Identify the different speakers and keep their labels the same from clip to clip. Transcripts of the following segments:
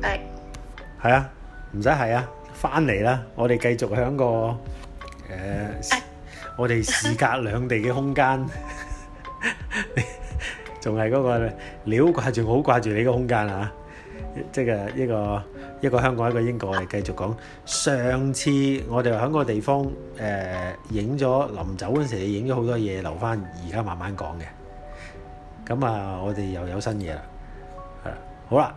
Speaker 1: 係，係、哎、啊，唔使係啊，翻嚟啦，我哋繼續響個誒、呃哎，我哋時隔兩地嘅空間，仲係嗰個，你好掛住，好掛住你嘅空間啊，即係、啊、一個一個香港，一個英國，我哋繼續講。上次我哋喺個地方誒影咗，臨走嗰陣時影咗好多嘢，留翻而家慢慢講嘅。咁啊，我哋又有新嘢啦，係啦，好啦。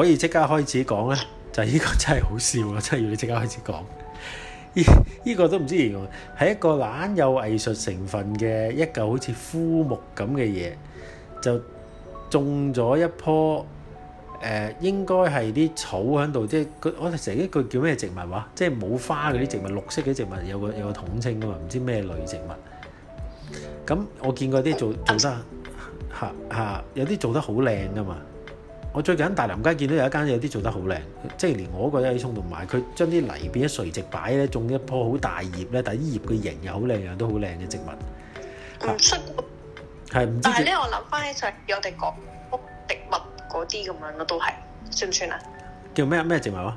Speaker 1: 可以即刻開始講咧，就係呢個真係好笑啊！真係要你即刻開始講，呢、就、依、是、個， 個都唔知，形容。係一個懶有藝術成分嘅一嚿好似枯木咁嘅嘢，就種咗一棵，誒、呃，應該係啲草喺度，即係佢我哋成一句叫咩植物話、啊，即係冇花嗰啲植物，綠色嘅植物，有個有個統稱噶嘛，唔知咩類植物。咁我見過啲做做得嚇嚇、啊啊啊，有啲做得好靚噶嘛。我最近大南街見到有一間有啲做得好靚，即係連我嗰個雞松同埋佢將啲泥變咗垂直擺咧，種一樖好大葉咧，但係葉嘅形又好靚，都好靚嘅植物。唔識出。係、啊，但係咧，我
Speaker 2: 諗翻起就有我哋講植物嗰啲咁樣咯，都係
Speaker 1: 算唔算啊？叫咩咩植物啊？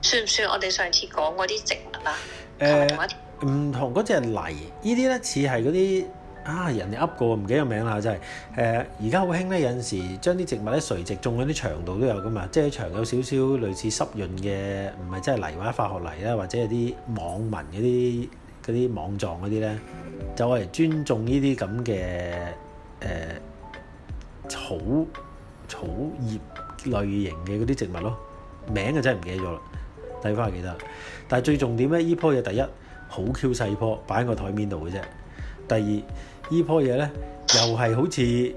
Speaker 1: 算
Speaker 2: 唔算我哋上次講嗰啲植物啊？
Speaker 1: 誒、呃，唔同嗰隻泥，呢啲咧似係嗰啲。啊！人哋噏過唔記得個名啦，真係誒而家好興咧，有陣時將啲植物咧垂直種喺啲牆度都有噶嘛，即係牆有少少類似濕潤嘅，唔係真係泥或者化學泥啦，或者係啲網紋嗰啲啲網狀嗰啲咧，就為尊重呢啲咁嘅誒草草葉類型嘅嗰啲植物咯，名就真係唔記得咗啦，睇翻記得。但係最重點咧，依棵嘢第一好 Q 細棵，擺喺個枱面度嘅啫。第二。呢棵嘢咧，又係好似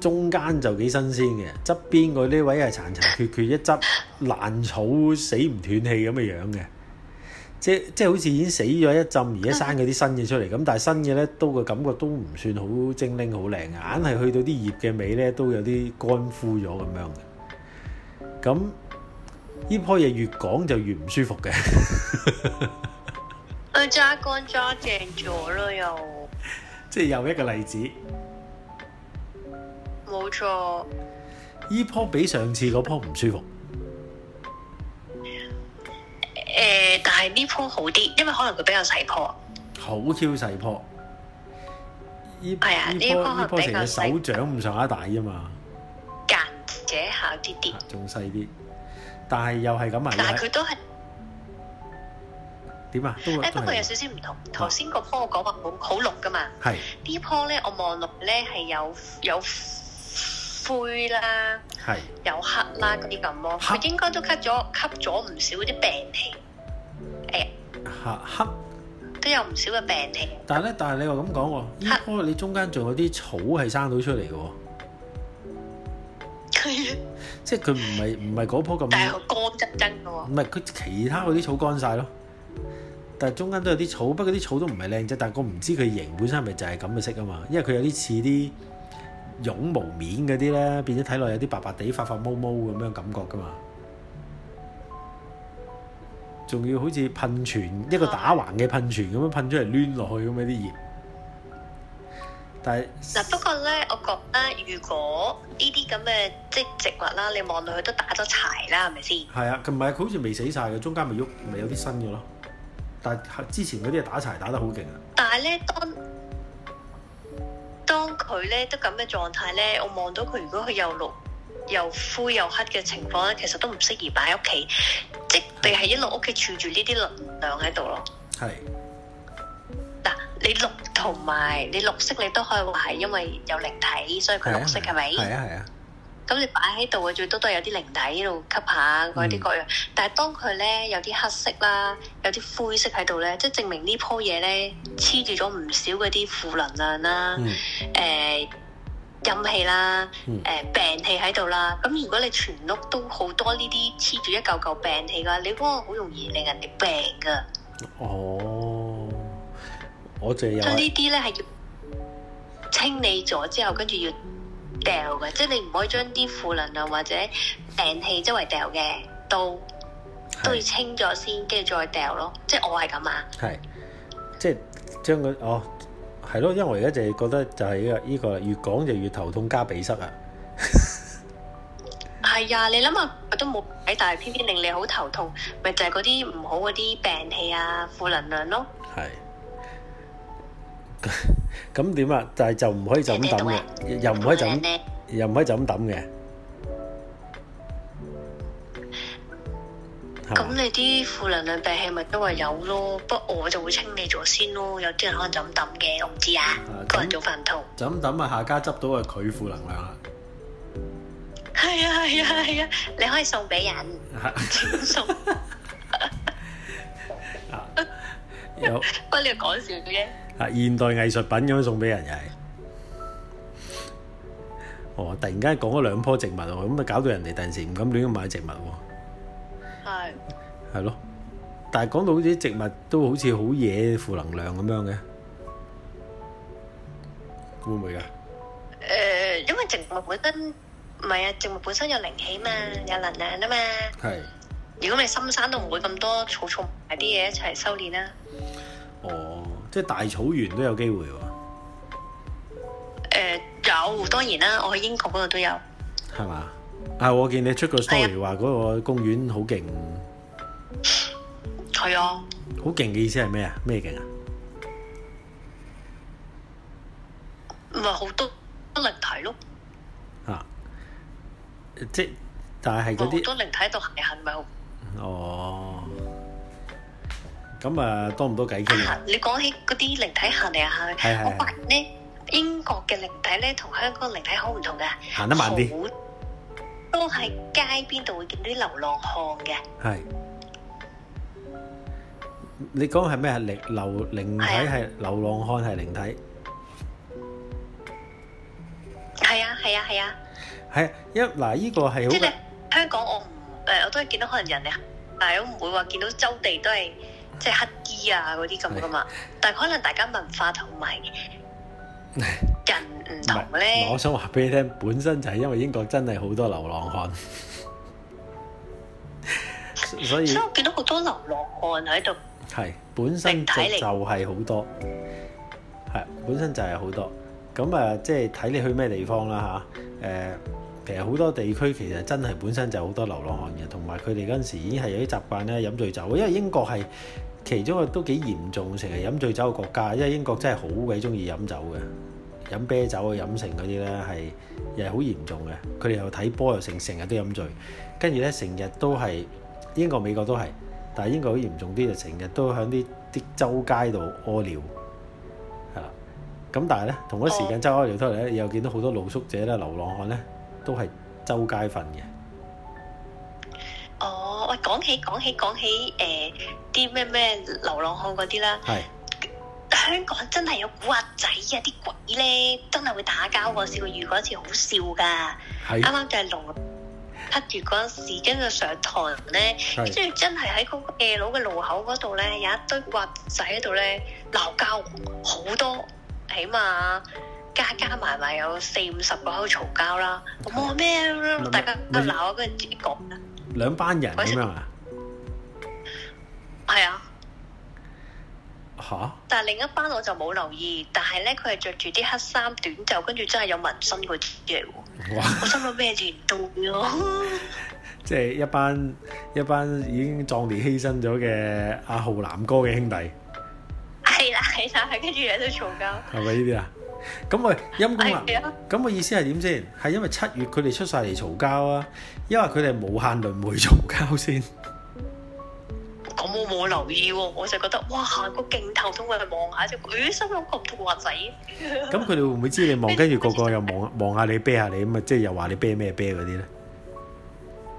Speaker 1: 中間就幾新鮮嘅，側邊嗰啲位係殘殘缺缺一側爛草死唔斷氣咁嘅樣嘅，即即係好似已經死咗一浸，而家生嗰啲新嘅出嚟，咁但係新嘅咧都個感覺都唔算好精靈、好靚，硬係去到啲葉嘅尾咧都有啲乾枯咗咁樣嘅。咁依棵嘢越講就越唔舒服嘅。
Speaker 2: 我揸乾揸正咗囉，又～
Speaker 1: 即係又一個例子，
Speaker 2: 冇錯。
Speaker 1: 依棵比上次嗰棵唔舒服。
Speaker 2: 誒、呃，但係呢棵好啲，因為可能佢比較
Speaker 1: 細棵。好挑細棵。
Speaker 2: 依係啊，呢棵依棵成隻手
Speaker 1: 掌咁上下大啫嘛。
Speaker 2: 間者下啲啲，
Speaker 1: 仲細啲。但係又係咁啊！但係佢都係。點啊？誒不過有少少
Speaker 2: 唔同。頭先嗰棵我講話好好綠噶嘛，呢棵咧我望落咧係有有灰啦，有黑啦嗰啲咁咯。佢應該都吸咗吸咗唔少啲病氣。誒，
Speaker 1: 黑黑
Speaker 2: 都有唔少嘅病氣。
Speaker 1: 但係咧，但係你又咁講喎，呢棵你中間仲有啲草係生到出嚟嘅喎。係。即係佢唔係唔係嗰棵咁。但係
Speaker 2: 乾質真嘅
Speaker 1: 喎。唔係，佢其他嗰啲草乾晒咯。但係中間都有啲草，不過啲草都唔係靚質。但係我唔知佢形本身係咪就係咁嘅色啊嘛，因為佢有啲似啲絨毛面嗰啲咧，變咗睇落有啲白白地、發發毛毛咁樣感覺噶嘛。仲要好似噴泉，一個打橫嘅噴泉咁樣噴出嚟攣落去咁樣啲葉。但係
Speaker 2: 嗱，不過咧，我覺得如果呢啲咁嘅即植物啦，你望落去都打咗柴啦，
Speaker 1: 係咪先？係啊，佢唔係佢好似未死晒嘅，中間咪喐，咪有啲新嘅咯。但之前嗰啲係打柴打得好勁啊！
Speaker 2: 但係咧，當當佢咧都咁嘅狀態咧，我望到佢如果佢又綠又灰又黑嘅情況咧，其實都唔適宜擺喺屋企，即地係一路屋企儲住呢啲能量喺度咯。係嗱、啊，你綠同埋你綠色，你都可以話係因為有靈體，所以佢綠色係咪？係啊係啊！咁你擺喺度嘅最多都係有啲靈體喺度吸下嗰啲各，各樣，嗯、但係當佢咧有啲黑色啦，有啲灰色喺度咧，即係證明呢樖嘢咧黐住咗唔少嗰啲負能量啦、誒、嗯欸、陰氣啦、誒、嗯呃、病氣喺度啦。咁如果你全屋都好多呢啲黐住一嚿嚿病氣嘅話，你嗰個好容易令人哋病噶。
Speaker 1: 哦，我就有。呢
Speaker 2: 啲咧係要清理咗之後，跟住要掉嘅，即係你唔可以將啲負能量或者病氣周圍掉嘅，都都要清咗先，跟住再掉咯。即係我係咁啊。
Speaker 1: 係，即係將佢，哦，係咯，因為我而家就係覺得就係呢個呢個越講就越頭痛加鼻塞啊。
Speaker 2: 係 啊，你諗下，我都冇睇，大，偏偏令你好頭痛，咪就係嗰啲唔好嗰啲病氣啊、負能量咯。
Speaker 1: 係。咁點啊？但係就唔可以就咁抌嘅，又唔可以就咁，又唔可以就咁抌嘅。咁
Speaker 2: 你啲負能量病氣咪都係有咯，不過我就會清理咗先咯。有啲人可能就咁抌嘅，我唔知啊。個人做飯桶，
Speaker 1: 就咁抌啊！下家執到係佢負能量啊。
Speaker 2: 係啊係啊係啊！你可以送俾人，
Speaker 1: 送。有
Speaker 2: 不了講笑嘅啫。
Speaker 1: 啊！現代藝術品咁樣送俾人又係，哦！突然間講咗兩棵植物喎，咁咪搞到人哋突然時唔敢亂咁買植物
Speaker 2: 喎。
Speaker 1: 係。係咯。但係講到好似植物都好似好嘢負能量咁樣嘅，會唔會啊？誒，因為植
Speaker 2: 物本身唔係啊，植物本身有靈氣嘛，有能量啊嘛。係。如果你深山都唔會咁多草叢埋啲嘢一齊修煉啦。哦。
Speaker 1: 即係大草原都有機會喎、
Speaker 2: 啊呃。有，當然啦，我去英國嗰度都有。
Speaker 1: 係嘛？啊，我見你出個 story 話嗰個公園好勁。
Speaker 2: 係啊。
Speaker 1: 好勁嘅意思係咩啊？咩勁
Speaker 2: 啊？咪好多多靈體咯。
Speaker 1: 啊！即係，但係嗰啲。好多
Speaker 2: 靈體喺度行為行咪
Speaker 1: 好。哦。咁誒多唔多偈傾啊？
Speaker 2: 你講起嗰啲靈體行嚟啊，我發現咧英國嘅靈體咧同香港靈體好唔同嘅行得慢啲，都喺街邊度會見到啲流浪漢嘅。係
Speaker 1: 你講係咩靈流靈體係流浪漢係靈體？
Speaker 2: 係啊，係啊，係啊。
Speaker 1: 因為嗱，呢個係好。即係
Speaker 2: 香港，我唔誒，我都係見到可能人啊，但係我唔會話見到周地都係。即係乞衣啊，嗰啲咁㗎嘛。是但係可能大家文化 同埋
Speaker 1: 人唔同咧。我想話俾你聽，本身就係因為英國真係好多流浪漢， 所以所以我
Speaker 2: 見到好多流浪漢喺度
Speaker 1: 係本身，就就係好多係，本身就係好多咁、呃、啊。即係睇你去咩地方啦，吓誒。其實好多地區其實真係本身就好多流浪漢嘅，同埋佢哋嗰陣時已經係有啲習慣咧，飲醉酒。因為英國係其中個都幾嚴重成日飲醉酒嘅國家。因為英國真係好鬼鍾意飲酒嘅，飲啤酒啊、飲成嗰啲咧係又係好嚴重嘅。佢哋又睇波又成，成日都飲醉。跟住咧成日都係英國、美國都係，但係英國好嚴重啲，就成日都喺啲啲周街度屙尿。咁但係咧同一個時間周屙尿出嚟咧，又見到好多露宿者咧、流浪漢咧。都係周街瞓嘅。
Speaker 2: 哦，喂，講起講起講起誒啲咩咩流浪漢嗰啲啦，係是香港真係有古惑仔啊！啲鬼咧真係會打交喎，試過遇過一次好笑噶。係是，啱啱就係落黑住嗰陣時，跟住上堂咧，跟住是真係喺嗰個夜路嘅路口嗰度咧，有一堆古惑仔喺度咧鬧交，好多，起碼。加加埋埋有四五十個喺度嘈交啦，冇話咩，嗯、大家個鬧跟住自己講，
Speaker 1: 兩班人咁樣啊？係啊想。吓？
Speaker 2: 但係另一班我就冇留意，但係咧佢係着住啲黑衫短袖，跟住真係有紋身個字嚟哇！我心諗咩字啊？即
Speaker 1: 係一班一班已經壯烈犧牲咗嘅阿浩南哥嘅兄弟。
Speaker 2: 係啦係啦，跟住喺度嘈交，
Speaker 1: 係咪呢啲啊？ 咁我陰公啊！咁我、哎、呀意思係點先？係因為七月佢哋出晒嚟嘈交啊！因為佢哋無限輪回嘈交先。咁我冇留意喎、哦，我就覺得哇個鏡頭都會去望
Speaker 2: 下啫，咦，心裏邊覺得仔。咁佢
Speaker 1: 哋會唔會知你望，跟住個個又望望下你啤下你咁啊？即係又話你啤咩啤嗰啲咧？誒、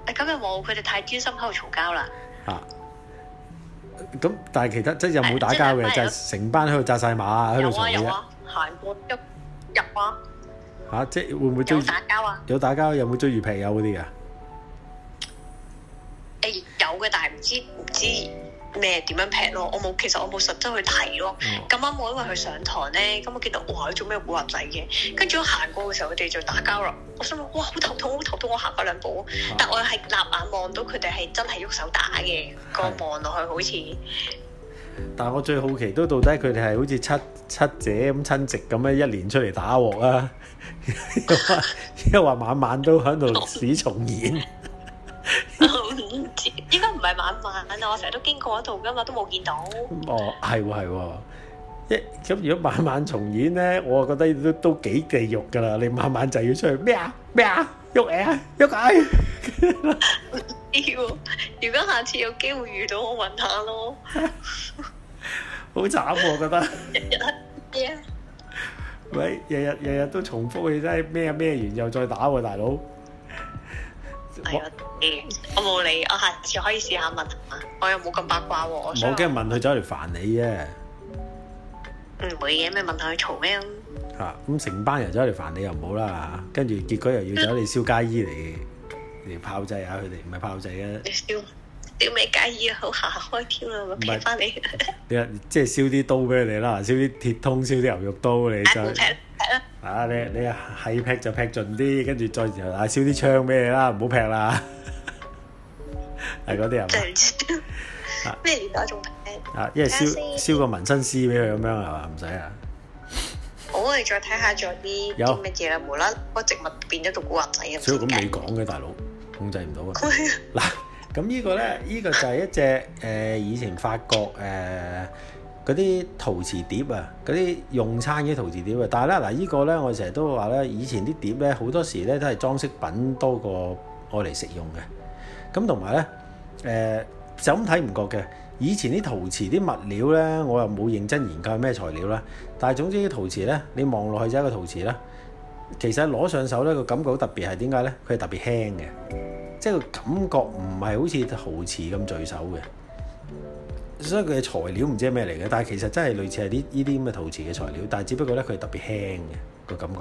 Speaker 1: 哎，
Speaker 2: 咁又冇，佢哋太專心喺度嘈
Speaker 1: 交啦。啊！咁但係其他即係又冇打交嘅，就係成班喺度扎晒馬喺度嘈嘢。
Speaker 2: 行過
Speaker 1: 一入啊，嚇、啊、即係會唔會追有打
Speaker 2: 交啊有
Speaker 1: 打交有冇追住劈友嗰啲啊
Speaker 2: 誒有嘅、欸，但係唔知唔知咩點樣劈咯，我冇其實我冇實質去睇咯。咁啱、嗯、我因為佢上堂咧，咁、嗯、我見到哇佢做咩古惑仔嘅，跟住我行過嘅時候，佢哋就打交啦。我想哇好頭痛，好頭痛，我行翻兩步，嗯、但我係立眼望到佢哋係真係喐手打嘅，個望落去好似。
Speaker 1: 但我最好奇都到底佢哋係好似七七姐咁親戚咁咧一年出嚟打鑊啊，因為話晚晚都響度歷史重演， 應
Speaker 2: 該唔係晚晚啊，
Speaker 1: 我成日都經過嗰度噶嘛，都冇見到。哦，係喎係喎。咁如果晚晚重演咧，我啊覺得都都幾地獄噶啦！你晚晚就要出去咩啊咩啊喐嚟啊喐去！唔知喎，如果下次有機會遇
Speaker 2: 到，
Speaker 1: 我問下咯。好慘，我覺得。日日
Speaker 2: 咩？
Speaker 1: 喂，日日日日都重複起身咩咩，完又再打喎，大佬。我我冇理，我下次可以
Speaker 2: 試下問啊！我又冇咁八卦
Speaker 1: 喎。唔好驚問佢走嚟煩你啫。唔會嘅，咩問題去嘈咩啊？吓，咁成班人走嚟煩你又唔好啦，跟住結果又要走嚟燒街衣嚟嚟炮製下佢哋，唔係炮製啊！燒燒咩街衣啊？
Speaker 2: 好行開添
Speaker 1: 啦，唔係翻嚟。你即係燒啲刀俾佢哋啦，燒啲鐵通，燒啲牛肉刀嚟就劈啦。啊，你你係劈就劈盡啲，跟住再又係燒啲槍俾你啦，唔好劈啦。係嗰啲係嘛？咩年代仲？啊！一係燒看看燒個紋身師俾佢咁樣係嘛？唔使啊！我哋再睇下再啲有啲乜嘢啦，無啦，
Speaker 2: 個植物變咗做骨仔啊！所
Speaker 1: 以咁你講嘅大佬控制唔到啊！嗱， 咁 呢個咧，呢、這個就係一隻誒、呃、以前法國誒嗰啲陶瓷碟啊，嗰啲用餐嘅陶瓷碟啊。但係咧嗱，依、這個咧我成日都話咧，以前啲碟咧好多時咧都係裝飾品多過愛嚟食用嘅。咁同埋咧誒就咁睇唔覺嘅。以前啲陶瓷啲物料呢，我又冇認真研究係咩材料啦。但係總之啲陶瓷呢，你望落去就係一個陶瓷啦。其實攞上手呢，個感覺好特別，係點解呢？佢係特別輕嘅，即係個感覺唔係好似陶瓷咁聚手嘅。所以佢嘅材料唔知係咩嚟嘅，但係其實真係類似係啲呢啲咁嘅陶瓷嘅材料，但係只不過呢，佢係特別輕嘅個感覺。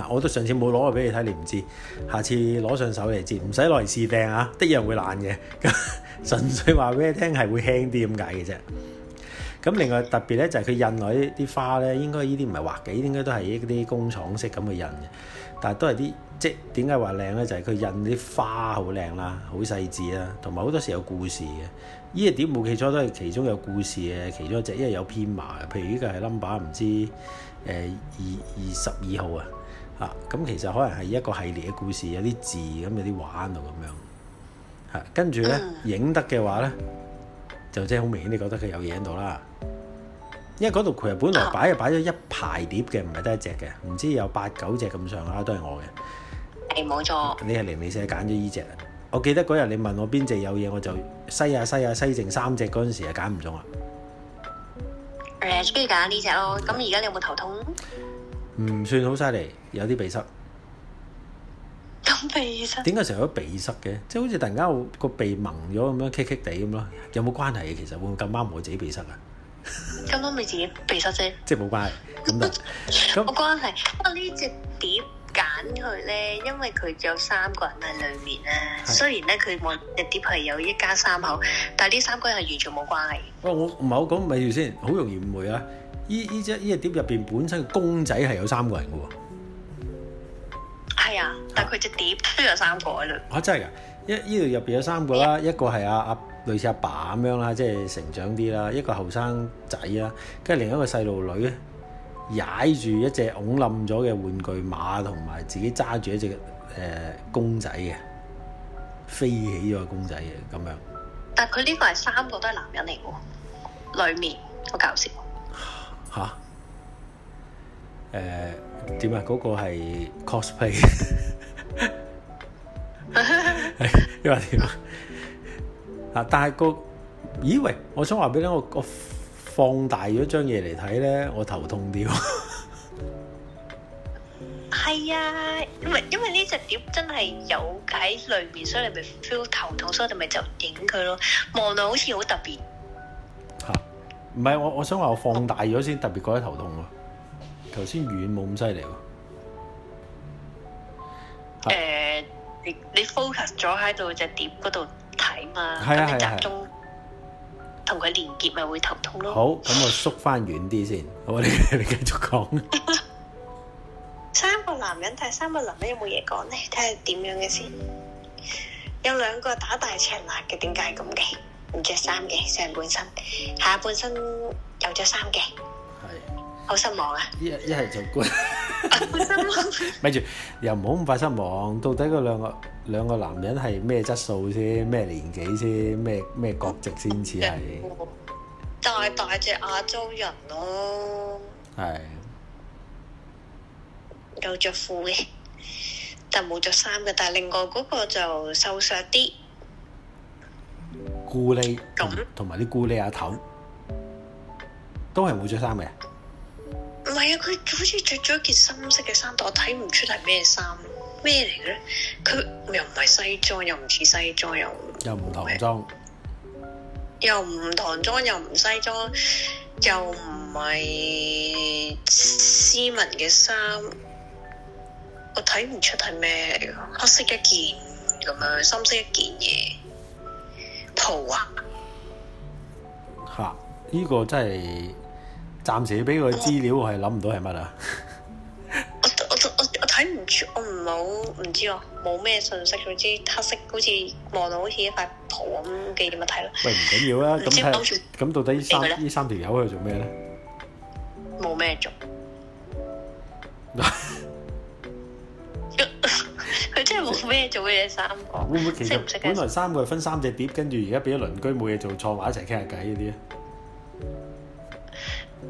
Speaker 1: 嗱，我都上次冇攞過俾你睇，你唔知。下次攞上手你知，唔使攞嚟試掟啊，一樣會爛嘅。 純粹話俾你聽係會輕啲咁解嘅啫。咁另外特別咧就係、是、佢印落啲花咧，應該呢啲唔係畫嘅，呢啲應該都係一啲工廠式咁嘅印嘅。但係都係啲即係點解話靚咧？就係、是、佢印啲花好靚啦，好細緻啦，同埋好多時有故事嘅。呢一點冇記錯，都係其中有故事嘅其中一隻，因為有編碼嘅。譬如呢個係 number 唔知誒二二十二號啊。啊，咁其實可能係一個系列嘅故事，有啲字咁，有啲畫喺度咁樣。跟住呢，影、嗯、得嘅話呢，就即係好明顯，你覺得佢有嘢喺度啦。因為嗰度佢啊，本來擺啊擺咗一排碟嘅，唔係得一隻嘅，唔知有八九隻咁上下都係我嘅。
Speaker 2: 係冇錯。
Speaker 1: 你係零零舍揀咗依隻，我記得嗰日你問我邊隻有嘢，我就西啊西啊西、啊，剩三隻嗰陣時啊揀唔中啦。誒、嗯，跟住揀呢隻咯。
Speaker 2: 咁
Speaker 1: 而家你有冇頭痛？唔、嗯、算好犀利，有啲鼻塞。點解成日都鼻塞嘅？即係好似突然間個鼻矇咗咁樣，棘棘地咁咯。有冇關係嘅？其實會唔會咁啱我自己鼻塞啊？咁
Speaker 2: 啱你自己鼻
Speaker 1: 塞啫。即係冇關係，冇 樣關係。不過呢隻碟揀佢咧，因為佢有三個人喺裏面咧。是雖
Speaker 2: 然咧，佢望隻碟係有一家三口，但係呢三個
Speaker 1: 人係完全冇關係。哇！我唔係我講咪住先，好容易誤會啊！呢依隻依隻碟入邊本身公仔係有三個人嘅喎。
Speaker 2: 係
Speaker 1: 啊，但係佢隻碟都有三個喺度。啊，真係噶，依依度入邊有三個啦，一個係阿阿類似阿爸咁樣啦，即係成長啲啦，一個後生仔啦，跟住另一個細路女咧，踩住一隻拱冧咗嘅玩具馬，同埋自己揸住一隻誒、呃、公仔嘅，飛起咗個公仔嘅咁樣。但係佢呢個係三個都係男人嚟嘅，裏面好
Speaker 2: 搞笑。
Speaker 1: 吓、啊？誒，點、呃、啊？嗰、那個係 cosplay，因 為 點啊，啊？但係、那個，咦喂！我想話俾你，我我放大咗張嘢嚟睇咧，我頭痛啲。係 啊，因為
Speaker 2: 因為呢隻碟真係有喺裏面，所以你咪 feel 頭痛，所以你咪就影佢咯。望到好似好特別。
Speaker 1: 吓、啊，唔係我我想話我放大咗先特別覺得頭痛喎。頭先遠冇咁犀利喎。誒，你
Speaker 2: 你 focus 咗喺度隻碟嗰度睇嘛？係啊係啊，集中同佢連結咪會頭痛咯。好，咁我
Speaker 1: 縮翻遠啲先。好，你你繼續講。
Speaker 2: 三個男人睇三個男人有冇嘢講咧？睇下點樣嘅先。有兩個打大赤辣嘅，點解係咁嘅？唔著衫嘅上半身，下半身有著衫嘅。好失
Speaker 1: 望啊！一一係做官，咪住又唔好咁快失望。到底嗰兩個兩個男人係咩質素先？咩年紀先？咩咩國籍先？似係
Speaker 2: 大大隻亞洲人咯。係有着褲嘅，但冇着衫嘅。但另外嗰個就瘦削啲，
Speaker 1: 咕喱同同埋啲咕喱阿頭都係冇着衫嘅。
Speaker 2: 唔係啊！佢好似着咗一件深色嘅衫，但我睇唔出係咩衫，咩嚟嘅咧？佢又唔係西裝，又唔似西裝，又
Speaker 1: 又唔唐裝，裝，
Speaker 2: 又唔唐裝，又唔西裝，又唔係斯文嘅衫，我睇唔出係咩嚟嘅。黑色一件咁樣，深色一件嘢，桃黑。
Speaker 1: 吓，呢、這個真係。暫時俾佢資料，我係諗唔到係乜啊！
Speaker 2: 我我我我睇唔出，我唔好唔知喎，冇咩信息，總之黑色好似望到好似一塊蒲咁嘅嘢物體啦。
Speaker 1: 喂，唔緊要啊！咁睇下，咁到底三呢三條友喺度做咩咧？
Speaker 2: 冇咩做，佢真係冇咩做嘅嘢三
Speaker 1: 個。會唔會其實本來三個係分三隻碟，跟住而家俾咗鄰居冇嘢做，坐埋一齊傾下偈嗰啲咧？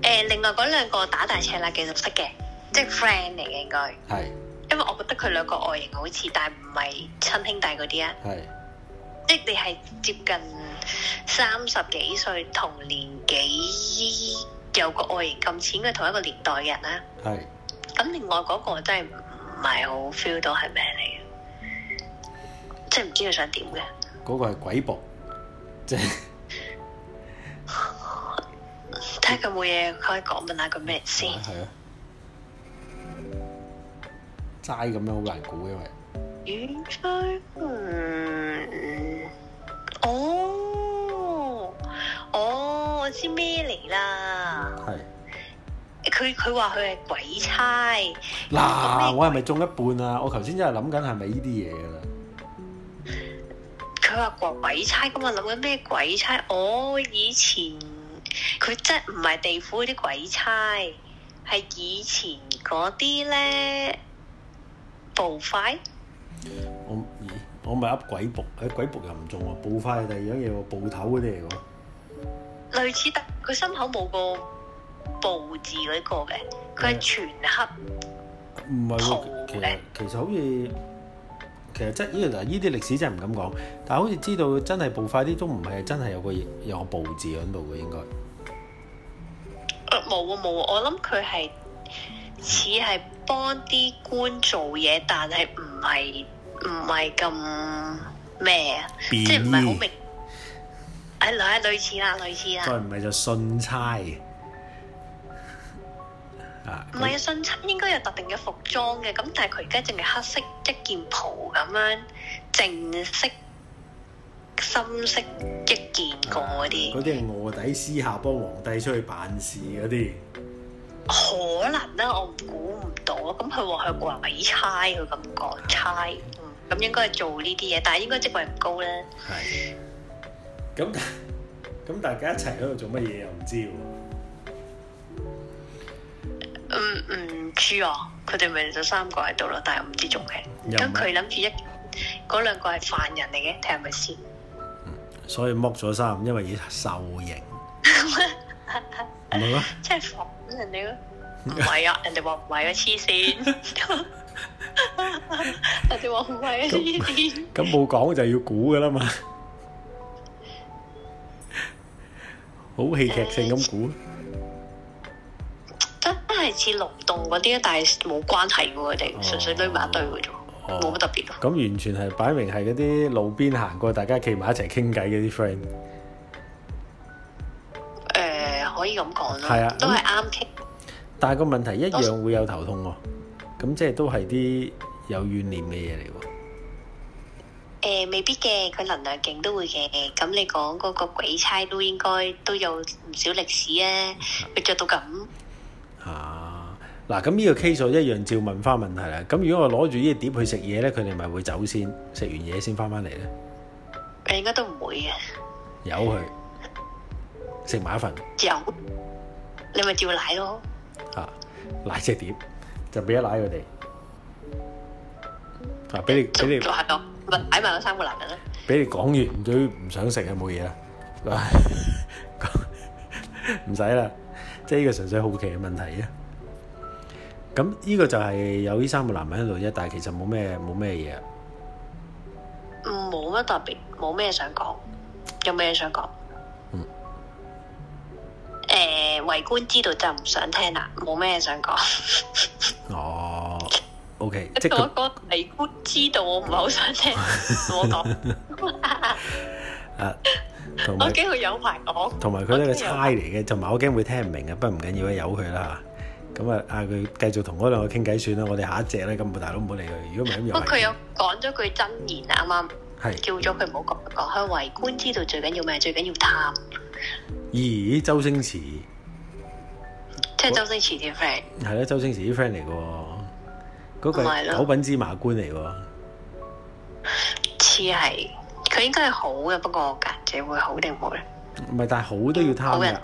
Speaker 2: 誒、呃，另外嗰兩個打大赤蠟嘅，幾熟悉嘅，即係 friend 嚟嘅應該，係是，因為我覺得佢兩個外形好似，但係唔係親兄弟嗰啲啊，
Speaker 1: 係是，
Speaker 2: 即係你係接近三十幾歲同年紀，有個外形咁淺嘅同一個年代嘅人咧，係是，咁另外嗰個真係唔係好 feel 到係咩嚟嘅，即係唔知佢想點嘅，
Speaker 1: 嗰個係鬼博，即係。
Speaker 2: 睇下佢冇嘢可以講，問下佢咩先。係
Speaker 1: 啊，齋咁樣好難估，因為。
Speaker 2: 冤屈、嗯。哦。哦，我知咩嚟啦。
Speaker 1: 係
Speaker 2: 是。佢佢話佢係鬼差。
Speaker 1: 嗱、啊啊，我係咪中一半啊？我頭先真係諗緊係咪呢啲嘢噶啦。
Speaker 2: 佢話鬼差咁啊，諗緊咩鬼差？我、哦、以前。佢即係唔係地府嗰啲鬼差，係以前嗰啲咧，捕快、欸？
Speaker 1: 我，咦、欸？我咪噏鬼僕，誒、欸，鬼僕又唔做、啊。喎，捕快係第二樣嘢喎，捕頭嗰啲嚟喎。
Speaker 2: 類似得，佢心口冇個捕字嗰一個嘅，佢係全黑。唔
Speaker 1: 係喎，其實其實好似。其實真依啲歷史真係唔敢講，但係好似知道真係步快啲都唔係真係有個有個步字喺度嘅應該。
Speaker 2: 冇啊冇啊，我諗佢係似係幫啲官做嘢，但係唔係唔係咁咩啊，便即係唔係好明。係係類似啦，類似啦。再
Speaker 1: 唔係就信差。唔係啊，
Speaker 2: 信親應該有特定嘅服裝嘅，咁但係佢而家淨係黑色一件袍咁樣，淨色、深色一件嗰啲。嗰
Speaker 1: 啲係卧底私下幫皇帝出去辦事嗰啲。
Speaker 2: 可能啦、啊，我唔估唔到。咁佢話佢個人鬼差，佢咁講差，嗯，咁應該係做呢啲嘢，但係應該職位唔高咧。係。
Speaker 1: 咁咁大家一齊喺度做乜嘢又唔知喎？
Speaker 2: 唔唔知哦，佢哋咪咗三個喺度咯，但係我唔知仲咩？
Speaker 1: 咁佢諗
Speaker 2: 住一嗰兩個係犯人嚟嘅，睇係咪先？
Speaker 1: 所以剝咗衫，因為已受刑，
Speaker 2: 咪咯，即係仿人哋咯。唔係啊，人哋話唔係啊，黐線，人哋話唔係啊，黐線。
Speaker 1: 咁冇講就要估噶啦嘛，好戲劇性咁估。
Speaker 2: 似龍洞嗰啲，但係冇關係嘅，佢哋純粹堆埋一堆
Speaker 1: 嘅啫，冇乜特別。咁完全係擺明係嗰啲路邊行過，大家企埋一齊傾偈嗰啲 friend。
Speaker 2: 誒，可以咁講
Speaker 1: 啦，都係啱傾。但係個問題一樣會有頭痛喎，咁即係都係啲有怨念嘅嘢嚟喎。誒，
Speaker 2: 未必嘅，佢能量勁都會嘅。咁你講嗰個鬼差都應該都有唔少歷史啊，佢着到咁。
Speaker 1: 啊嗱，咁呢個 case 我一樣照問翻問題啦。咁如果我攞住呢碟去食嘢咧，佢哋咪會走先，食完嘢先翻返嚟咧。
Speaker 2: 誒，應該都唔會
Speaker 1: 嘅。由佢食埋一份。
Speaker 2: 由你咪
Speaker 1: 照奶咯。啊，奶隻碟就俾一奶佢哋。啊，俾你俾你。仲係多唔係？擺埋
Speaker 2: 嗰三
Speaker 1: 個男人咧。俾你講完，最唔想食嘅冇嘢啦，唔使啦。即係呢個純粹好奇嘅問題咧，咁呢個就係有呢三個男人喺度啫，但係其實冇咩冇咩嘢。
Speaker 2: 冇乜特別，冇咩想講，有咩想講？誒、嗯呃，圍觀知道就唔想聽啦，冇咩想講。 哦，OK，即係個圍觀知道我唔係好想聽我講。啊！我驚佢有排講，同埋佢呢
Speaker 1: 個差嚟嘅，就我驚會聽唔明啊，不過唔緊要啊，由佢啦咁啊，嗌佢繼續同我兩個傾偈算啦，我哋下一隻啦，咁唔好大佬，唔好理佢，如果唔係咁樣。不過佢有
Speaker 2: 講咗句真言啊，啱啱，係叫咗佢唔好講，講開為官之道最緊要咩？最緊要貪。
Speaker 1: 咦？周星馳，即
Speaker 2: 係周星馳啲 friend，
Speaker 1: 係啦，周星馳啲 friend 嚟嘅，嗰、嗰個九品芝麻官嚟嘅，
Speaker 2: 似係。
Speaker 1: 佢應該係好嘅，不過嘅，會好定唔好咧？唔係，但係好都要貪。人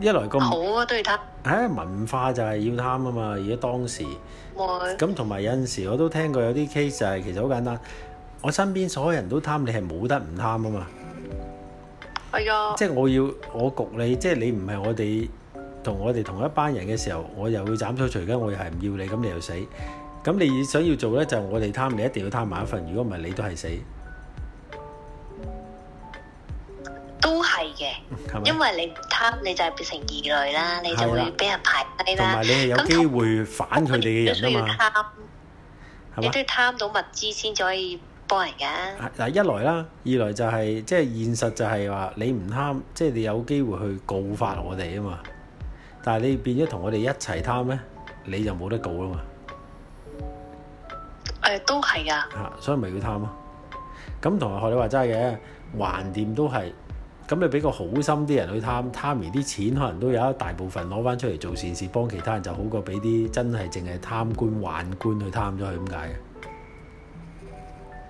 Speaker 1: 一來咁好、啊、都要貪。唉、哎，文化就係要貪啊嘛。而家當時咁同埋有陣時，我都聽過有啲 case 就係、是、其實好簡單。我身邊所有人都貪，你係冇得唔貪啊嘛。
Speaker 2: 係啊的，
Speaker 1: 即係我要我焗你，即係你唔係我哋同我哋同一班人嘅時候，我又會斬草除根。我又係唔要你，咁你又死。咁你想要做咧，就係、是、我哋貪，你一定要貪埋一份。如果唔係，你都係死。
Speaker 2: 都係嘅，因為你唔貪，你就變成異類啦，你就會俾人排低啦。同埋你係有機
Speaker 1: 會反佢哋嘅人啊嘛。咁都要貪，你都要
Speaker 2: 貪到物資先至可以幫
Speaker 1: 人噶。嗱，一來啦，二來就係即係現實就係話你唔貪，即係你有機會去告發我哋啊嘛。但係你變咗同我哋一齊貪咧，你就冇得告啊嘛。
Speaker 2: 誒，都係
Speaker 1: 噶。吓，所以咪要貪咯。咁同學學你話齋嘅，橫掂都係。咁你俾個好心啲人去貪，貪完啲錢可能都有一大部分攞翻出嚟做善事，幫其他人就好過俾啲真係淨係貪官宦官去貪咗，佢。咁解嘅？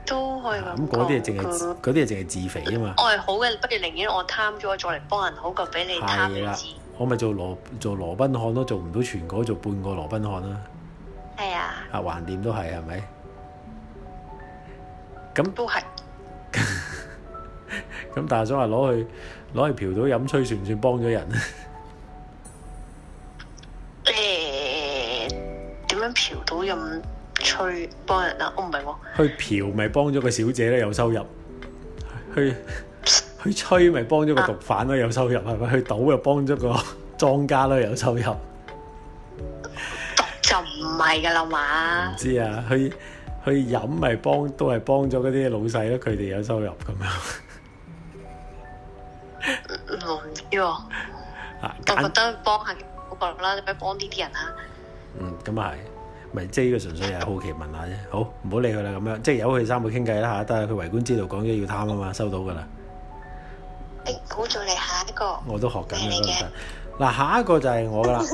Speaker 2: 都係咁，嗰啲係淨係嗰
Speaker 1: 啲係淨係自肥啊嘛。我係好
Speaker 2: 嘅，不如寧願我貪咗再
Speaker 1: 嚟幫人，好過俾你貪。係啦，我咪做羅做羅賓漢都做唔到全個，做半個羅賓漢啦。
Speaker 2: 係啊，橫
Speaker 1: 掂都係係咪？咁都係。咁但係想話攞去攞去嫖賭飲吹算唔算幫咗人？、欸幫人
Speaker 2: oh, 啊？點樣嫖賭飲吹幫人啊？我唔明喎。
Speaker 1: 去嫖咪幫咗個小姐咧有收入，去去吹咪幫咗個毒販咯有收入係咪？去賭又幫咗個莊家咯有收入，是
Speaker 2: 是就收入毒就唔係噶啦嘛？
Speaker 1: 唔知啊，去去飲咪幫都係幫咗嗰啲老細咯，佢哋有收入咁樣。唔知喎，我覺
Speaker 2: 得幫
Speaker 1: 下嗰個啦，做咩幫呢啲人啊？嗯，咁啊係咪即係呢個純粹又係好奇問下啫。好，唔好理佢啦。咁樣即係由佢三個傾偈啦嚇。但係佢為官之道講咗要貪啊嘛，收到噶啦、
Speaker 2: 哎。
Speaker 1: 好，再嚟下一個，我都學緊嘅嗰陣嗱。下一個就係我噶啦。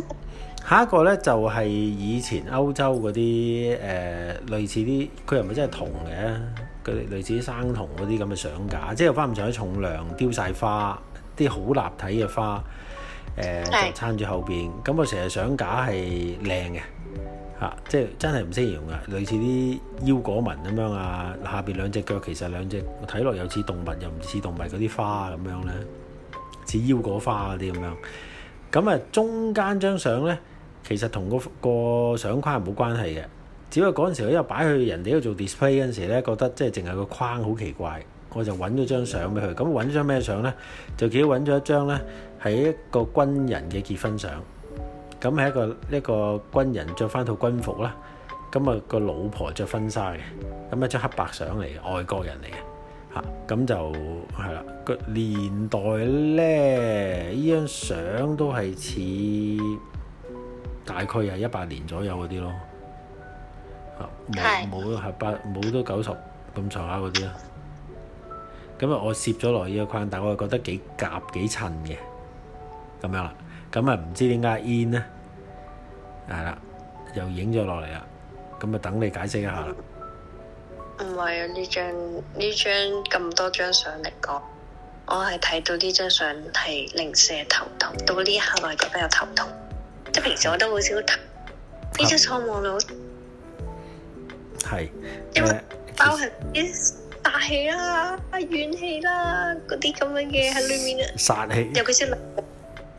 Speaker 1: 下一個咧就係以前歐洲嗰啲誒類似啲佢又唔係真係銅嘅，佢類似啲生銅嗰啲咁嘅相架。即係翻唔上啲重量，丟晒花。啲好立體嘅花，誒、呃、的就撐住後邊。咁我成日相架係靚嘅，嚇、啊，即係真係唔識形容嘅，類似啲腰果紋咁樣啊。下邊兩隻腳其實兩隻，睇落又似動物，又唔似動物嗰啲花咁樣咧，似腰果花嗰啲咁樣。咁啊，中間張相咧，其實同、嗰個、嗰個相框係冇關係嘅，只不過嗰陣時因為擺去人哋度做 display 嗰陣時咧，覺得即係淨係個框好奇怪。我就揾咗張相俾佢，咁揾咗張咩相呢？就記得揾咗一張呢，係一個軍人嘅結婚相。咁係一個呢個軍人着翻套軍服啦，咁、那、啊個老婆着婚紗嘅，咁一張黑白相嚟嘅，外國人嚟嘅嚇。咁就係啦，個年代呢，呢張相都係似大概係一百年左右嗰啲咯，冇冇八冇都九十咁上下嗰啲啊。咁啊、嗯，我攝咗落呢個框，但我又覺得幾夾幾襯嘅，咁樣啦。咁啊，唔知點解煙咧，係啦，又影咗落嚟啦。咁啊，等你解釋一下啦。
Speaker 2: 唔係啊，呢張呢張咁多張相嚟講，我係睇到呢張相係零舍頭痛。到呢一刻我係覺得有頭痛，即係平時我都好少頭。
Speaker 1: 呢張錯望咯。係，因為
Speaker 2: 包係殺氣啦，怨氣啦，嗰啲咁樣嘅喺裏
Speaker 1: 面啊。殺氣。尤其是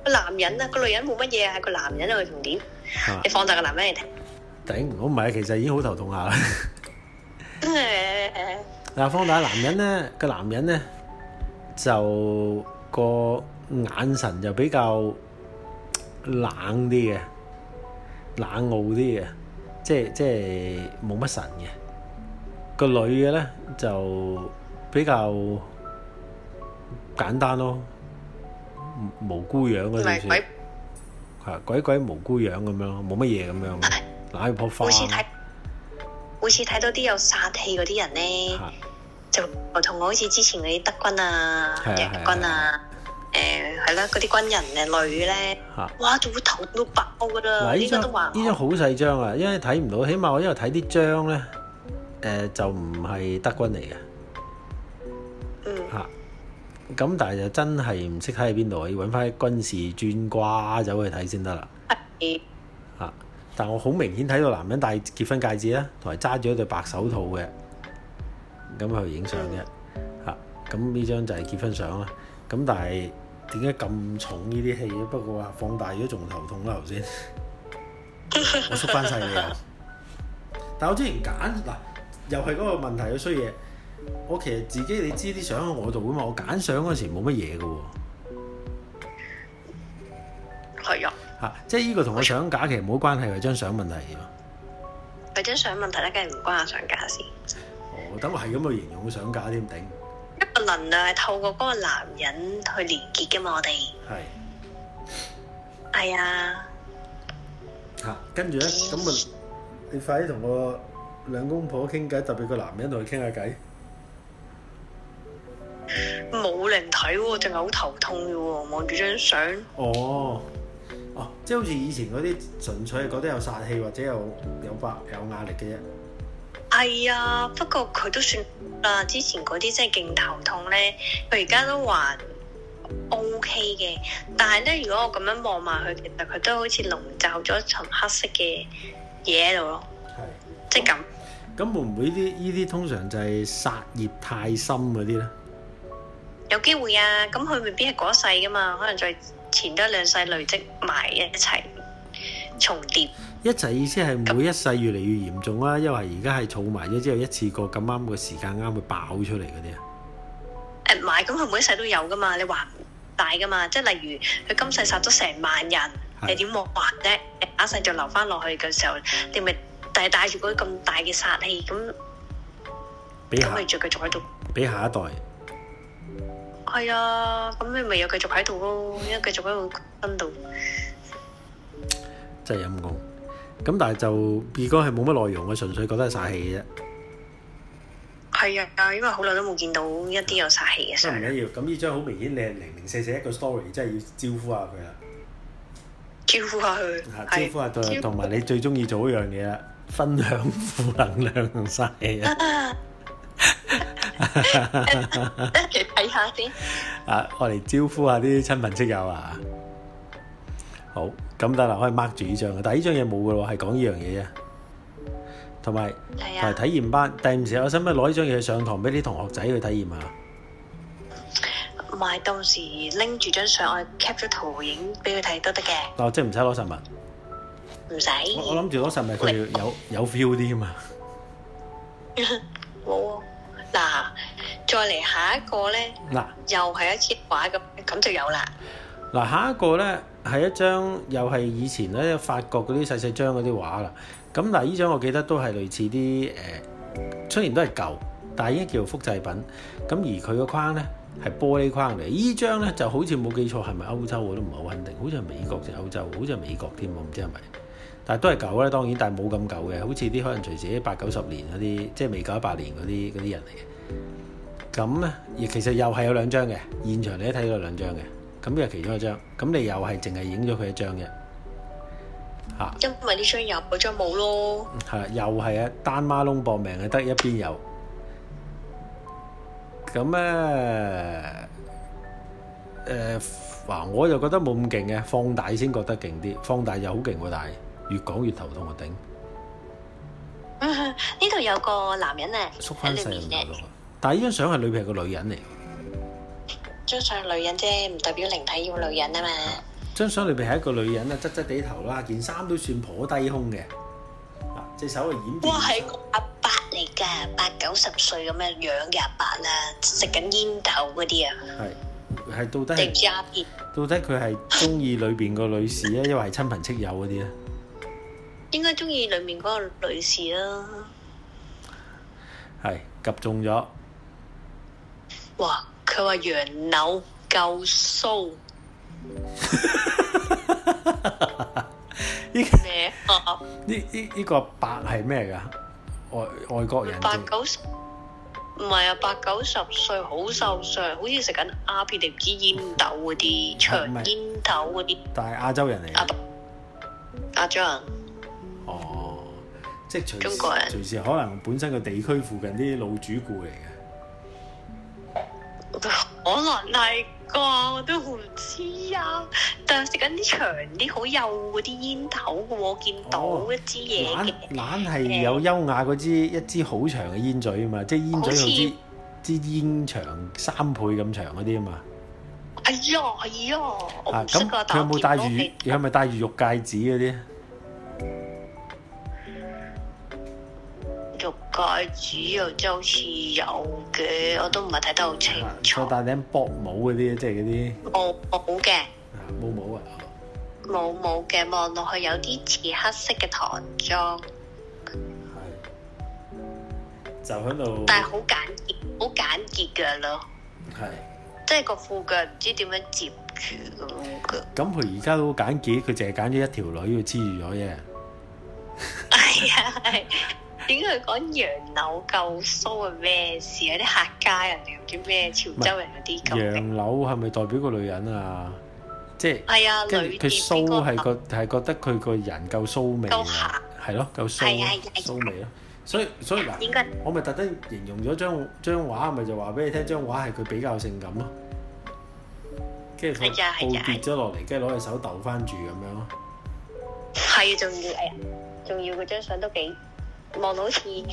Speaker 1: 個男人
Speaker 2: 啊，個女人冇乜嘢，係個男人就同點？你放大個男
Speaker 1: 人嚟。頂！我唔係啊，其實已經好頭痛下啦。誒
Speaker 2: 誒，
Speaker 1: 嗱，放大，男人咧，個男人咧就個眼神就比較冷啲嘅，冷傲啲嘅，即係即係冇乜神嘅。個女嘅咧就比較簡單咯，無辜樣嗰陣算，係鬼，鬼鬼無辜樣咁樣冇乜嘢咁樣，攋一樖花，每次睇，
Speaker 2: 每次睇到啲有殺氣嗰啲人咧，的就同我好似之前嗰啲德軍啊、日的軍啊，誒係啦，嗰啲、呃、軍人嘅女咧，的哇就會頭都白嘅啦，依張依
Speaker 1: 張好細張啊，因為睇唔到，起碼我因為睇啲張咧。呃、就唔係德軍嚟嘅，吓咁、嗯，啊、但係就真係唔識睇喺邊度，要揾翻軍事專瓜，走去睇先得啦。吓、啊，但我好明顯睇到男人戴結婚戒指啦，同埋揸住一對白手套嘅，咁去影相嘅吓。咁呢張就係結婚相啦。咁、啊、但係點解咁重戲呢啲戲？不過話放大咗仲頭痛啦，頭先、啊、我縮翻細啲。 但我之前揀嗱。又係嗰個問題嘅衰嘢，我其實自己你知啲相喺我度咁的啊，我揀相嗰時冇乜嘢嘅喎。係啊，嚇，即係呢個同個相架其實冇關係，係張相問題啊。
Speaker 2: 係張相問題咧，梗係唔關我相架事。
Speaker 1: 我、哦、等我係咁去形容個相架添頂。
Speaker 2: 一個能量係透過嗰個男人去連結嘅嘛，我哋係係啊
Speaker 1: 嚇，跟住咧咁啊，天你快啲同我。兩公婆傾偈，特別個男人同佢傾下偈，
Speaker 2: 冇靈體、啊，淨係好頭痛嘅喎、啊，望住張相。
Speaker 1: 哦，哦、啊，即係好似以前嗰啲純粹係覺得有殺氣或者有有壓有壓力嘅
Speaker 2: 啫。係啊，不過佢都算啦。之前嗰啲真係勁頭痛咧，佢而家都還 O K 嘅。但係咧，如果我咁樣望埋佢，其實佢都好似籠罩咗一層黑色嘅嘢喺度咯，係，
Speaker 1: 即係咁。咁會唔會呢啲呢啲通常就係殺孽太深嗰啲咧？
Speaker 2: 有機會啊！咁佢未必係嗰一世噶嘛，可能再前多兩世累積埋一齊重疊。
Speaker 1: 一齊意思係每一世越嚟越嚴重啊！因為而家係儲埋咗之後一次過咁啱個時間啱會爆出嚟嗰啲啊？誒
Speaker 2: 唔係，咁佢每一世都有噶嘛，你還唔大噶嘛？即係例如佢今世殺咗成萬人，你點還啫？下一世就留翻落去嘅時候，你咪～就係帶住嗰啲咁大嘅殺氣，咁咁咪再繼續喺度，
Speaker 1: 俾下一代。
Speaker 2: 係啊，咁你咪又繼續喺度咯，因為繼續喺度跟度。
Speaker 1: 真係陰公，咁但係就如果係冇乜內容嘅，純粹覺得殺氣
Speaker 2: 嘅啫。係啊，因為好耐都冇見到一啲有殺氣嘅。唔緊
Speaker 1: 要，咁呢張好明顯你零零舍舍一個 story，即係要招呼下佢啦。
Speaker 2: 招呼下佢。招呼下佢，同埋
Speaker 1: 你最中意做嗰樣嘢啦。分享負能量同曬嘢，睇下 先看看。啊，我嚟招呼下啲親朋戚友啊！好，咁得啦，可以握住依張嘅，但係依張嘢冇嘅咯，係講呢樣嘢啫。同埋同埋體驗班，第時我使唔使攞呢張嘢上堂俾啲同學仔去體驗啊？
Speaker 2: 唔係，到時拎住張相，我 cap 咗圖影俾佢睇都得
Speaker 1: 嘅。嗱、哦，即係唔使攞實物。唔使。我我諗住攞實咪佢有用有，有 feel 啲啊嘛。冇 啊！
Speaker 2: 嗱，再嚟下一個咧，
Speaker 1: 嗱，又係一貼畫咁，咁就有啦。嗱，下一個咧係一張又係以前咧法國嗰啲細細張嗰啲畫啦。咁嗱，依張我記得都係類似啲誒，雖然都係舊，但已經叫複製品。咁而佢個框咧係玻璃框嚟。依張咧就好似冇記錯係咪歐洲，我都唔係好肯定，好似係美國定係歐洲，好似係美國添，唔知係咪。但都係舊咧，當然，但係冇咁舊嘅，好似啲可能隨時啲八九十年嗰啲，即係未夠一百年嗰啲啲人嚟嘅。咁咧，亦其實又係有兩張嘅，現場你都睇到兩張嘅。咁呢又其中一張，咁你又係淨係影咗佢一張嘅，吓？
Speaker 2: 因為呢張有，嗰張冇
Speaker 1: 咯。係啊，又係啊，單孖窿搏命啊，得一邊有。咁咧，誒、呃呃，我就覺得冇咁勁嘅，放大先覺得勁啲，放大又好勁喎，但越講越頭痛，我頂。
Speaker 2: 嗯哼，呢度有個男人咧縮翻細咁樣，
Speaker 1: 但係呢張相係裏邊係個女人嚟。
Speaker 2: 張相女人啫，唔代表靈體要女人啊嘛。
Speaker 1: 張相裏邊係一個女人啊，質質地頭啦，件衫都算頗低胸嘅。
Speaker 2: 嗱，
Speaker 1: 隻手係掩住。哇，係
Speaker 2: 個阿伯嚟㗎，八九十歲咁樣樣嘅阿伯啦，食緊煙斗嗰啲
Speaker 1: 啊。係係，到底係到底佢係中意裏邊個女士咧，抑或係親朋戚友嗰啲咧？
Speaker 2: 應該中意裏面嗰個女士啦，
Speaker 1: 係及中咗。
Speaker 2: 哇！佢話羊柳夠酥。呢個咩？
Speaker 1: 呢依依個白係咩噶？外外國人？八九
Speaker 2: 十？唔係啊，八九十歲好瘦削，好似食緊阿片定唔知煙斗嗰啲長煙斗嗰啲。
Speaker 1: 但係亞洲人嚟。亞洲人。哦，即係隨時中國人隨時可能本身個地區附近啲老主顧嚟嘅。
Speaker 2: 可能係啩，我都唔知啊。但係食緊啲長啲、好幼嗰啲煙頭嘅喎，我見到一支嘢
Speaker 1: 嘅。懶係、哦、有優雅嗰支，嗯、一支好長嘅煙嘴啊嘛，即係煙嘴像有支支煙長三倍咁長嗰啲啊嘛。
Speaker 2: 哎喲，
Speaker 1: 哎喲，佢有冇戴住？佢係咪戴住肉戒指嗰啲？
Speaker 2: 戒主要就好似有嘅，我都唔係睇得好清
Speaker 1: 楚。啊、戴頂薄帽嗰啲，即係嗰啲。薄帽嘅。冇、啊、帽啊！
Speaker 2: 冇帽嘅，望落去有啲似黑色嘅唐裝。
Speaker 1: 係。就喺度。但係
Speaker 2: 好簡潔，好簡潔㗎咯。係是。即係個褲腳唔知點樣接住咁
Speaker 1: 樣。咁佢而家都好簡潔，佢淨係揀咗一條女佢黐住咗嘅。
Speaker 2: 係啊，係。 點解佢講楊
Speaker 1: 柳夠騷嘅咩事啊？啲客家人定叫咩潮州人嗰啲？楊柳係咪代表個女人啊？即係係啊，跟住佢騷係個係覺得佢個人夠騷味，夠下係咯，夠騷騷味咯。所以所以嗱，我咪特登形容咗張張畫咪就話俾你聽，張畫係佢比較性感咯。係啊係啊係啊！跟住佢就係跌咗落嚟，跟住攞隻手抖翻住咁樣咯。係仲要，哎呀，仲要
Speaker 2: 佢張相都幾～望
Speaker 1: 到好似有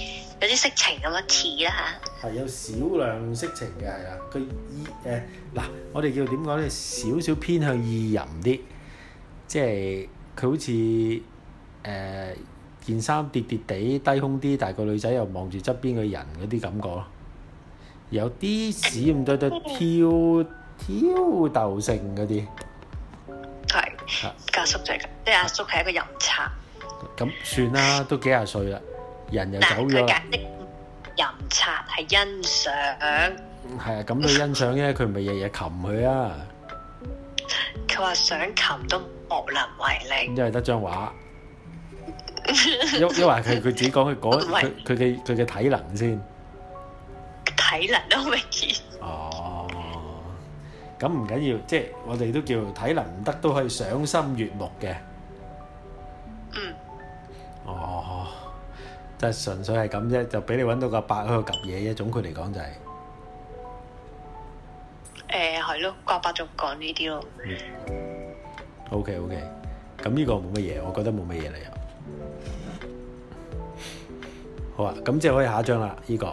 Speaker 1: 啲色情咁樣似啦嚇，係有少量色情嘅係啦。佢意誒嗱，我哋叫點講咧？少少偏向意淫啲，即係佢好似誒、呃、件衫跌跌地低胸啲，但係個女仔又望住側邊嘅人嗰啲感覺有啲似咁多對挑挑逗性嗰啲，係阿叔
Speaker 2: 就係，即係阿叔係一個淫賊，
Speaker 1: 咁那、啊、算啦，都幾廿歲啦。人又走咗，人
Speaker 2: 賊係欣賞。
Speaker 1: 係啊，咁佢欣賞咧，佢唔係日日擒佢啊。
Speaker 2: 佢話想擒都無能為力。咁就係得張畫。因因為佢佢
Speaker 1: 自己講佢講佢佢嘅佢嘅體能先。
Speaker 2: 體能都未
Speaker 1: 見。哦，咁唔緊要，即係我哋都叫體能唔得都可以賞心悅目嘅。嗯。哦。就純粹係咁啫，就俾你揾到個伯喺度 𥄫 嘢，總括嚟講就係、
Speaker 2: 是，誒係、呃、咯，
Speaker 1: 瓜伯就講呢啲咯。嗯。O K O K，咁呢個冇乜嘢，我覺得冇乜嘢嚟。 好啊，咁即係可以下一張啦。呢、這個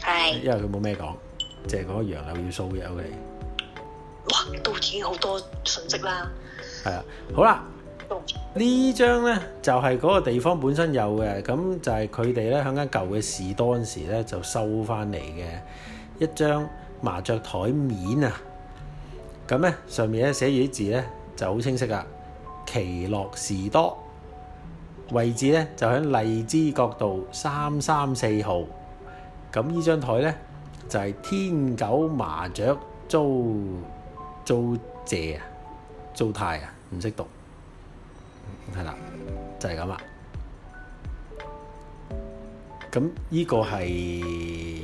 Speaker 1: 係，Hi. 因為佢冇咩講，即係嗰個楊柳要蘇嘅 O K。Okay、
Speaker 2: 哇，都已經好多信息啦。
Speaker 1: 係 啊，好啦、啊。呢張呢，就係嗰個地方本身有嘅，咁就係佢哋呢，喺間舊嘅士多嗰陣時咧就收返嚟嘅一張麻雀枱面啊。咁呢，上面呢寫住啲字呢，就好清晰噶，奇樂士多位置呢，就喺荔枝角道三三四號。咁呢張枱呢，就係天九麻雀租租借啊，租貸啊，唔識讀。係啦，就係咁啦。咁呢個係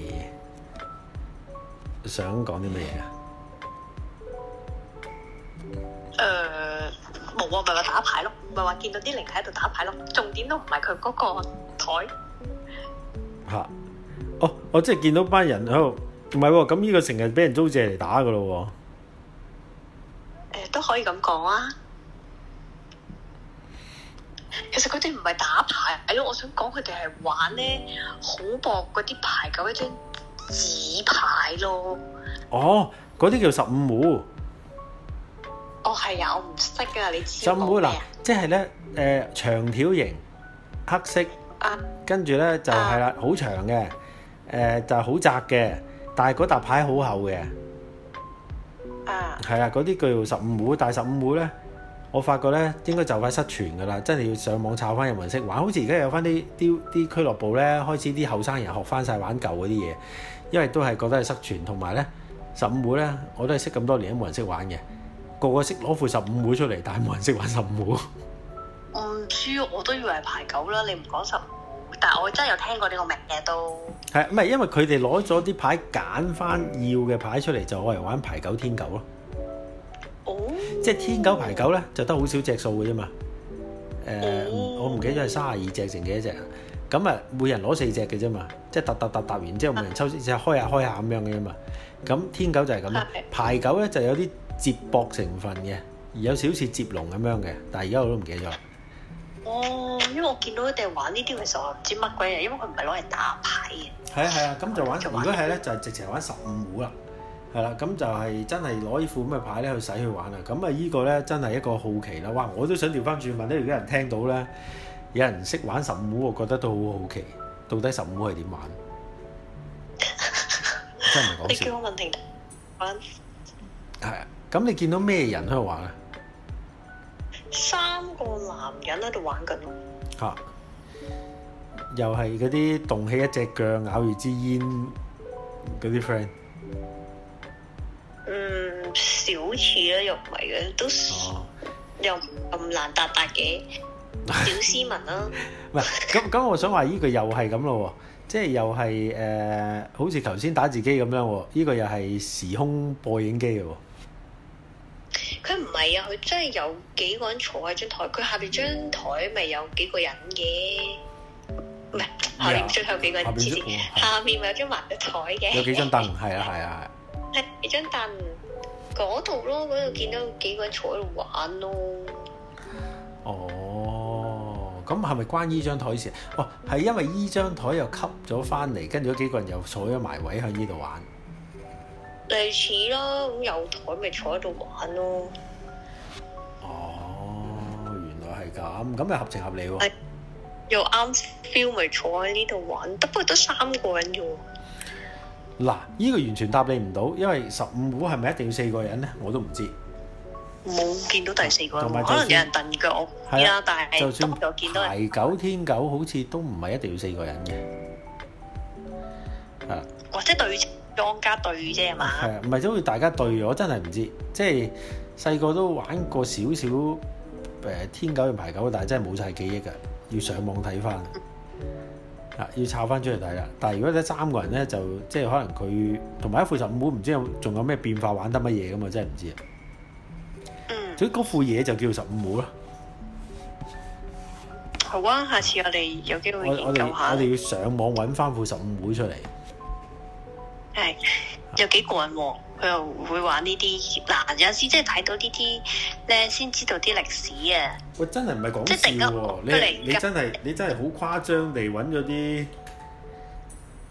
Speaker 1: 想講啲乜嘢啊？誒，冇啊，咪
Speaker 2: 話打牌咯，咪話見到啲靈體喺度打牌咯。重點
Speaker 1: 都唔係佢嗰個枱。吓、啊，哦，我即係見到班人喺度，唔、哦、係，咁呢、啊、個成日俾人租借嚟打噶咯。誒、
Speaker 2: 呃，都可以咁講啊。其實佢哋唔係打牌，哎呀，我想講佢哋係玩咧好薄嗰啲牌，就一張紙牌咯。
Speaker 1: 哦，嗰啲叫十五戶。哦，係
Speaker 2: 啊，我唔識噶，你
Speaker 1: 知，十五戶嗱，即係咧，誒、呃，長條形，黑色，跟住咧就係、是、啦，好、啊、長嘅，誒、呃，就係、是、好窄嘅，但係嗰沓牌好厚嘅。啊。係啊，嗰啲叫做十五戶，但係十五戶咧，我發覺咧，應該就快失傳噶啦，真係要上網炒翻，有冇人識玩。好似而家有翻啲啲俱樂部咧，開始啲後生人學翻晒玩舊嗰啲嘢，因為都係覺得係失傳。同埋咧，十五會咧，我都係識咁多年都冇人識玩嘅，個個識攞副十五會出嚟，但係冇人識玩十五會。我唔知、嗯，我都以為係牌九啦。你唔講
Speaker 2: 十五，但我真係有聽過呢個名
Speaker 1: 嘅都。係唔係因為佢哋攞咗啲牌揀翻要嘅牌出嚟，就我嚟玩牌九天九咯？哦、即係天狗排狗咧，就得好少隻數嘅啫嘛。誒、呃、嗯、我唔記得咗係卅二隻成幾多隻啊？咁啊，每人攞四隻嘅啫嘛。即係搭搭搭搭完之後，每人抽隻、啊、開下開下咁樣嘅啫嘛。咁天狗就係咁咯。的排狗咧就有啲接駁成分嘅，而有少少似接龍咁樣嘅，但係而家我都唔記得咗。哦，因為我見到佢
Speaker 2: 哋玩
Speaker 1: 呢啲，其實我唔知乜鬼嘢，因為佢唔係攞嚟打牌嘅。係係啊，咁就玩。就玩如果係咧，就係直情玩十五戶啦。係啦，咁就係真係攞呢副咁嘅牌咧去使去玩啊！咁啊，依個咧真係一個好奇啦。哇，我都想調翻轉問咧，如果有人聽到咧，有人識玩十五，我覺得都好好奇，到底十五係點玩？ 真係唔講笑。 你叫我問係啊，咁你見到咩人喺度玩咧？
Speaker 2: 三個男人喺
Speaker 1: 度玩緊。嚇、啊！又係嗰啲棟起一隻腳咬住支煙嗰啲 friend。
Speaker 2: 好似咧又唔係嘅，都、哦、又唔難達達嘅，小斯文啦、啊。
Speaker 1: 唔係咁咁，我想話呢個又係咁咯，即係又係誒、呃，好似頭先打字機咁樣，呢、這個又係時空播影機嘅。
Speaker 2: 佢唔係啊，佢真係有幾個人坐喺張台，佢下邊張台咪有幾個人嘅，唔係下
Speaker 1: 面最後
Speaker 2: 有幾個人，下面咪、啊、有張麻雀台，嘅，有幾張
Speaker 1: 凳，係啊係啊係，係
Speaker 2: 幾張凳。嗰度咯，嗰度見
Speaker 1: 到幾個人坐喺度玩咯。哦，咁係咪關呢張枱事？哇、哦，係因為呢張枱又吸咗返嚟，跟住有幾個人又坐咗埋位喺呢度玩。
Speaker 2: 類似啦，咁有枱咪坐喺度
Speaker 1: 玩咯。哦，原來係咁，咁咪合情合理喎。
Speaker 2: 又啱 feel 咪坐喺呢度玩，得不過得三個人啫喎。
Speaker 1: 嗱，呢個完全答你唔到，因為十五股係咪一定要四個人咧？我都唔知。
Speaker 2: 冇見到第四個人，可能有人頂腳。的我係啊，但係就算見到排
Speaker 1: 九天九好似都唔係一定要四個人嘅，係。
Speaker 2: 或者對
Speaker 1: 莊家對啫嘛？係啊，唔係都要大家對，我真係唔知。即係細個都玩過少少誒天九同排九，但係真係冇晒記憶㗎，要上網睇翻。嗯要炒翻出嚟睇啦，但係如果得三個人咧，就即係可能佢同埋一副十五妹，唔知有仲有咩變化？玩得乜嘢咁嘛？真係唔知啊。嗯。所以嗰副嘢就叫十五妹咯。
Speaker 2: 好啊，下次我哋有機會研究下。我我哋
Speaker 1: 要上網揾翻副十五妹出嚟。係，有
Speaker 2: 幾過癮喎、啊！佢又會玩、啊、呢啲，嗱有時即係睇到呢啲咧，先知道啲歷史啊！
Speaker 1: 喂、欸，真係唔係講笑喎，你你真係你真係好誇張地揾咗啲，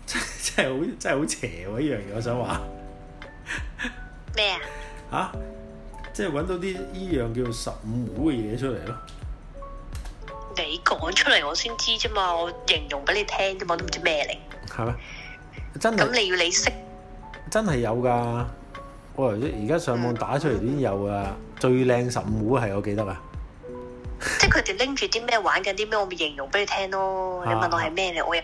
Speaker 1: 真係好真係好邪喎！呢樣嘢我想話咩啊？吓、 啊？即係揾到啲依樣叫做十五虎嘅嘢出嚟咯！
Speaker 2: 你講出嚟我先知啫嘛，我形容俾你聽啫嘛，都唔知咩嚟。
Speaker 1: 係啦，真係咁你要你識。真係有㗎，我而家上網打出嚟已經有啊，嗯、最靚十五賀係我記得啊。
Speaker 2: 即係佢哋拎住啲咩玩緊啲咩，我咪形容俾你聽咯。啊、你問我
Speaker 1: 係咩咧，我亦唔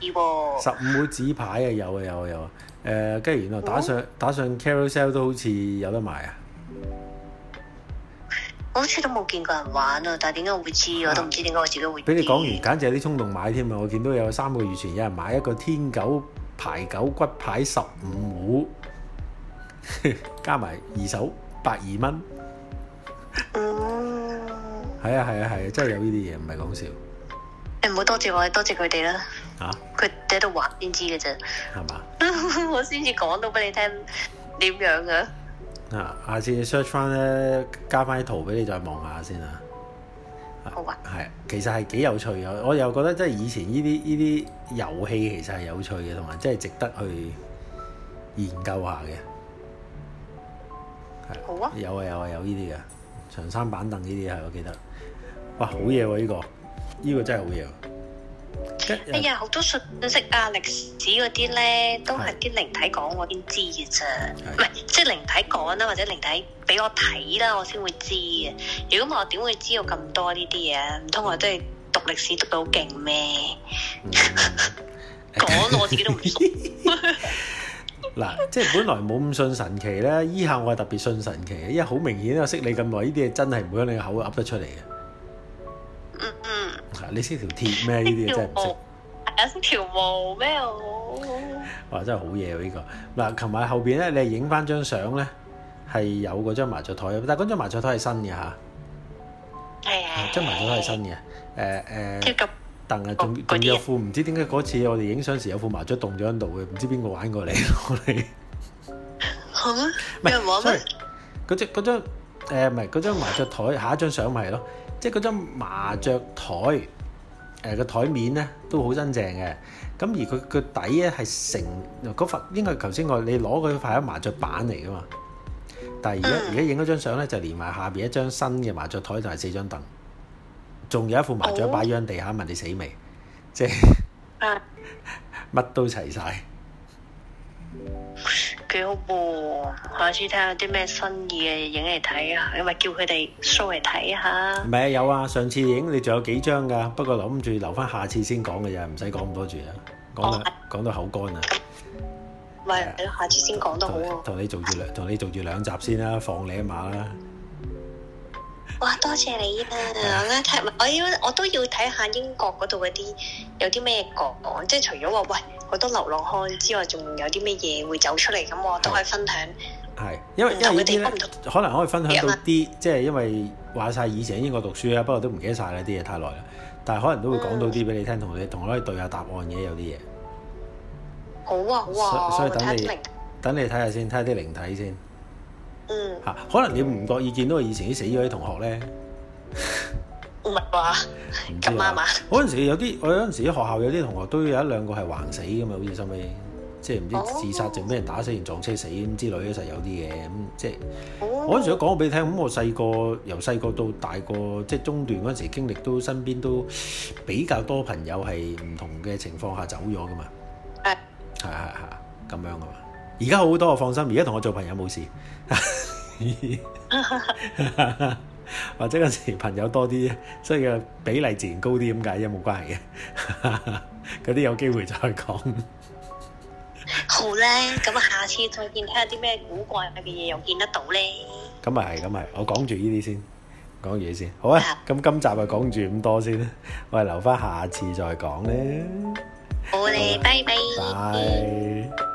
Speaker 1: 知喎、啊。十五賀紙牌啊，有啊有啊有、呃嗯、有啊。誒，跟住原來打上打上 Carousell 都好似有得賣啊。我好
Speaker 2: 似都冇見過人玩啊，但係點解我會知？啊、我都唔知點解我自己會
Speaker 1: 知。俾你講完，簡直有啲衝動買添啊！我見到有三個月前有人買一個天狗。排九骨牌十五戶，加埋二手百二蚊。係啊係啊係啊，真係有呢啲嘢，唔係講笑。
Speaker 2: 你唔好多謝我，多謝佢哋啦。啊！佢哋喺度畫先知嘅啫，係嘛？我先至講到俾你聽點樣
Speaker 1: 嘅。啊！下次 search 翻咧，加翻啲圖俾你再望下先啊。係、啊，其實係幾有趣嘅，我又覺得真係以前呢啲呢啲遊戲其實係有趣嘅，同埋真係值得去研究下嘅。係、啊。好啊。有啊有啊有呢啲嘅，長三板凳呢啲係我記得。哇！嗯、好嘢喎，呢個，呢、呢個真係好嘢、啊。哎呀，
Speaker 2: 好多信息啊，歷史嗰啲咧，都係啲靈體講我先知嘅啫，唔係的即係靈體講啦，或者靈體俾我睇啦，我先會知嘅。如果唔係，我點會知道咁多呢啲嘢？唔通我都係讀歷史讀到好勁
Speaker 1: 咩？講、嗯嗯、 我自己都唔熟。嗱， 即係本來冇咁信神奇咧，依下我係特別信神奇，因為好明顯我識你咁耐，呢啲嘢真係唔會響你個口噏得出嚟嘅。嗯嗯。你識條鐵咩？呢啲嘢真係唔識。係識
Speaker 2: 條毛咩？
Speaker 1: 哇！真係好嘢喎呢個。嗱，琴日後邊咧，你係影翻張相咧，係有嗰張麻雀枱，但係嗰張麻雀枱係新嘅嚇。係啊。張麻雀枱係新嘅。誒誒。跳級。凳啊！仲仲有副唔知點解嗰次我哋影相時有副麻雀凍咗喺度嘅，唔知邊個玩過嚟。係咩？冇人玩咩？所以嗰張嗰張誒唔係嗰張麻雀枱，下一張相咪係咯。即係嗰張麻雀枱，誒個枱面咧都好真正嘅。咁而佢個底咧係成嗰塊，應該頭先我你攞佢塊，塊麻雀板嚟噶嘛。但係而家而家影咗張相咧就連埋下邊一張新嘅麻雀枱就係四張凳，仲有一副麻雀擺喺地下問你死未？即係乜、嗯、 都齊晒。
Speaker 2: 幾好噃、啊，下次睇下啲咩新意嘅影嚟睇啊，唔咪叫佢哋 show 嚟睇下。
Speaker 1: 唔係啊，有啊，上次影你仲有幾張噶，不過諗住留翻下次先講嘅啫，唔使講咁多住啊，講啊，講到口乾啦。
Speaker 2: 咪係下次先講都好啊。
Speaker 1: 同你做住兩，同你做住兩集先啦，放你一馬啦。
Speaker 2: 哇！多謝你啊！我啱我都要睇下英國嗰度嗰啲有啲咩講，即係除咗話喂好多流浪漢之外，仲有啲咩嘢會走出嚟咁，我都可以分享。
Speaker 1: 係，因為因為可能可以分享到啲，即係因為話晒以前喺英國讀書啊，不過都唔記得晒啦，啲嘢太耐啦。但係可能都會講到啲俾你聽，同你同我可以對下答案嘅有啲嘢。
Speaker 2: 好啊，好啊，所以等你
Speaker 1: 等你睇下先，睇下啲靈體先。嗯，嚇，可能你唔覺意見到以前啲死咗啲同學咧，唔係啩？唔知啊。嗰陣時有啲，我嗰陣時學校有啲同學都有一兩個係橫死噶嘛，好似身尾，即係唔知自殺定咩、哦、人打死，人撞車死之類，實有啲嘢咁。即係、哦、我嗰陣時都講過俾你聽，咁我細個由細個到大個，即係中段嗰陣時經歷都身邊都比較多朋友係唔同嘅情況下走咗噶嘛。係係係，咁樣啊嘛。而家好多我放心，而家同我做朋友冇事， 或者嗰時朋友多啲，所以個比例自然高啲咁解，係 有冇關係嘅，嗰啲有機會再講。
Speaker 2: 好咧，咁下次再見睇下啲咩古怪
Speaker 1: 嘅嘢又見得到咧。咁啊係，咁係，我講住呢啲先，講嘢先，好啊，咁今集啊講住咁多先，我哋留翻下，下次再講咧。
Speaker 2: 好咧，拜拜。拜。